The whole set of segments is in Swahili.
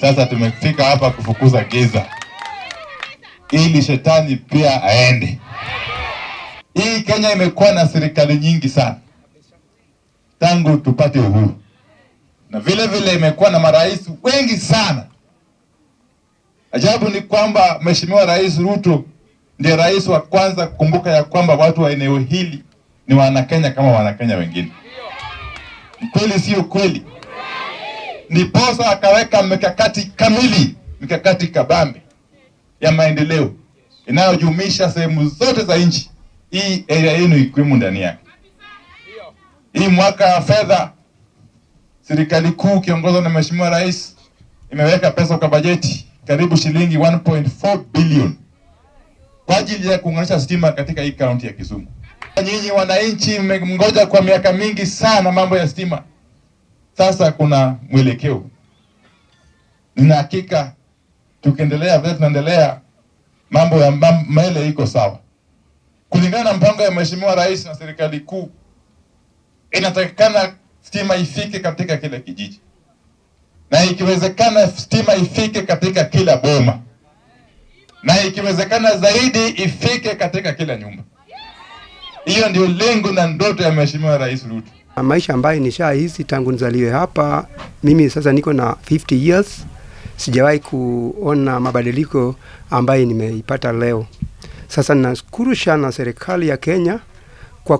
Sasa tumefika hapa kufukuza giza ili shetani pia aende. Hii Kenya imekuwa na serikali nyingi sana tangu tupate uhuru, na vile vile imekuwa na marais wengi sana. Ajabu ni kwamba Mheshimiwa Rais Ruto ndiye rais wa kwanza kukumbuka ya kwamba watu wa eneo hili ni Wanakenya kama Wanakenya wengine. Kweli sio kweli? ndiposa akaweka mikakati kamili, mikakati kabambe ya maendeleo inayojumuisha sehemu zote za nchi hii, area yenu ikiwemo ndani yake. Hii mwaka wa fedha, serikali kuu ikiongozwa na Mheshimiwa Rais imeweka pesa kwa bajeti karibu shilingi 1.4 billion kwa ajili ya kuunganisha stima katika hii kaunti ya Kisumu. Nyinyi wananchi mmengoja kwa miaka mingi sana mambo ya stima. Sasa kuna mwelekeo. Nina hakika tukiendelea vile tunaendelea, mambo ya mele iko sawa kulingana na mpango ya Mheshimiwa Rais na serikali kuu. Inatakikana stima ifike katika kila kijiji na ikiwezekana stima ifike katika kila boma na ikiwezekana zaidi ifike katika kila nyumba. Hiyo ndio lengo na ndoto ya Mheshimiwa Rais Ruto. Maisha ambayo nishaishi tangu nizaliwe hapa, mimi sasa niko na 50 years, sijawahi kuona mabadiliko ambayo nimeipata leo. Sasa nashukuru sana serikali ya Kenya kwa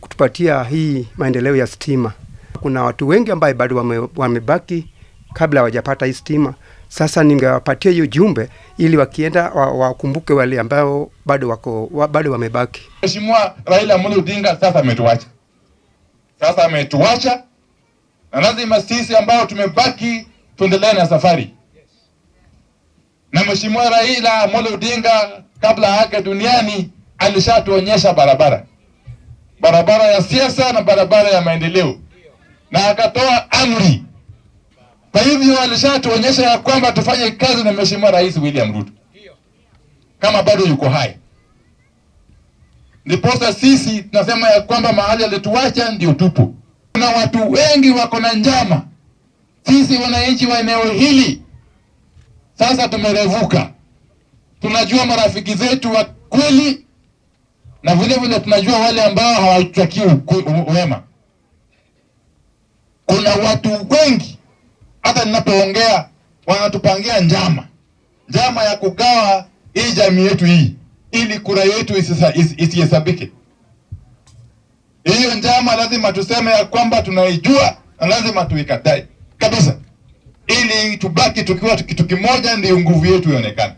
kutupatia hii maendeleo ya stima. Kuna watu wengi ambayo bado wamebaki wame kabla hawajapata hii stima. Sasa ningewapatia hiyo jumbe ili wakienda wakumbuke wa wale ambao bado wako wa, bado wamebaki. Mheshimiwa Raila Amolo Odinga sasa ametuacha, sasa ametuacha, na lazima sisi ambao tumebaki tuendelee na safari. Na Mheshimiwa Raila Amolo Odinga kabla yake duniani alishatuonyesha barabara, barabara ya siasa na barabara ya maendeleo, na akatoa amri kwa hivyo alishatuonyesha ya kwamba tufanye kazi na Mheshimiwa Rais William Ruto kama bado yuko hai. Ndiposa sisi tunasema ya kwamba mahali alituacha ndio tupo. Kuna watu wengi wako na njama. Sisi wananchi wa eneo hili sasa tumerevuka, tunajua marafiki zetu wa kweli na vile vile tunajua wale ambao hawatutaki wema. Kuna watu wengi hata ninapoongea wanatupangia njama, njama ya kugawa hii jamii yetu hii, ili kura yetu isihesabike. Hiyo njama lazima tuseme ya kwamba tunaijua na lazima tuikatae kabisa, ili tubaki tukiwa kitu kimoja, ndio nguvu yetu ionekane.